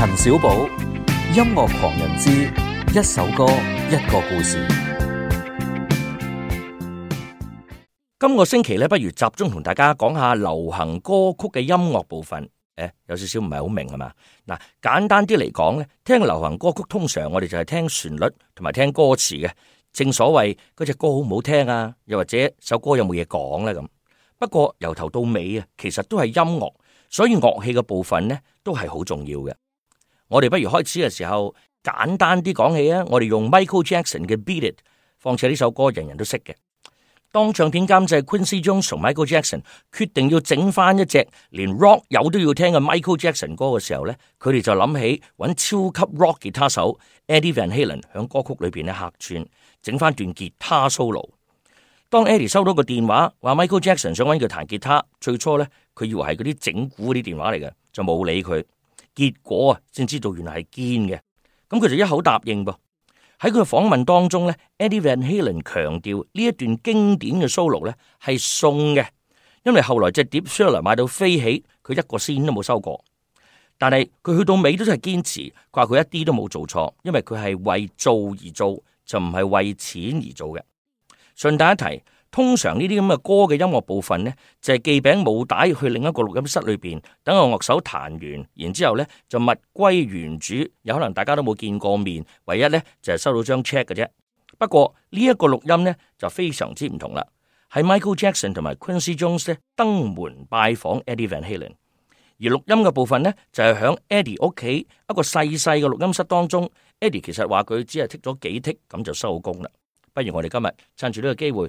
陳小寶，音樂狂人之一首歌一個故事。今個星期咧，不如集中同大家講下流行歌曲嘅音樂部分。誒、哎，有少少唔係好明係嘛？嗱，簡單啲嚟講咧，聽流行歌曲通常我哋就係聽旋律同埋聽歌詞嘅。正所謂嗰隻歌好唔好聽啊？又或者首歌有冇嘢講咧咁？不過由頭到尾啊，其實都係音樂，所以樂器嘅部分咧都係好重要嘅。我哋不如開始嘅時候簡單啲講起啊！我哋用 Michael Jackson 嘅《Beat It》，況且呢首歌人人都識嘅。當唱片監製 Quincy Jones 同 Michael Jackson 決定要整翻一隻連 Rock 友都要聽嘅 Michael Jackson 歌嘅時候咧，佢哋就諗起搵超級 Rock 吉他手 Eddie Van Halen 響歌曲裏邊咧客串，整翻段吉他 solo。當 Eddie 收到個電話，話 Michael Jackson 想搵佢彈吉他，最初咧佢以為係嗰啲整蠱嗰啲電話嚟嘅，就冇理佢。結果啊，先知道原來係堅嘅，咁佢就一口答應噃。喺佢嘅訪問當中咧 e d v a n Helen 強調呢一段經典嘅 solo 咧係送嘅，因為後來隻碟雖然買到飛起，佢一個仙都冇收過。但係佢去到尾都係堅持，話佢一啲都冇做錯，因為佢係為做而做，就唔係為錢而做嘅。順帶一提。通常呢啲咁嘅歌嘅音樂部分呢，就係、是、寄餅冇帶去另一個錄音室裏邊，等個樂手彈完，然之後呢就物歸原主，有可能大家都冇見過面，唯一呢就係、是、收到張 check 嘅啫。不過呢一、這個錄音呢，就非常之唔同啦，喺 Michael Jackson 同埋 Quincy Jones 呢，登門拜訪 Eddie Van Halen，而錄音嘅部分呢，就係、是、響 Eddie 屋企一個細細嘅錄音室當中，Eddie 其實話佢只係剔咗幾剔咁就收工啦。不如我哋今日趁住呢個機會。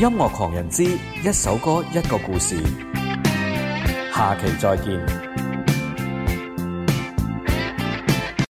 音樂狂人之，一首歌，一個故事，下期再見。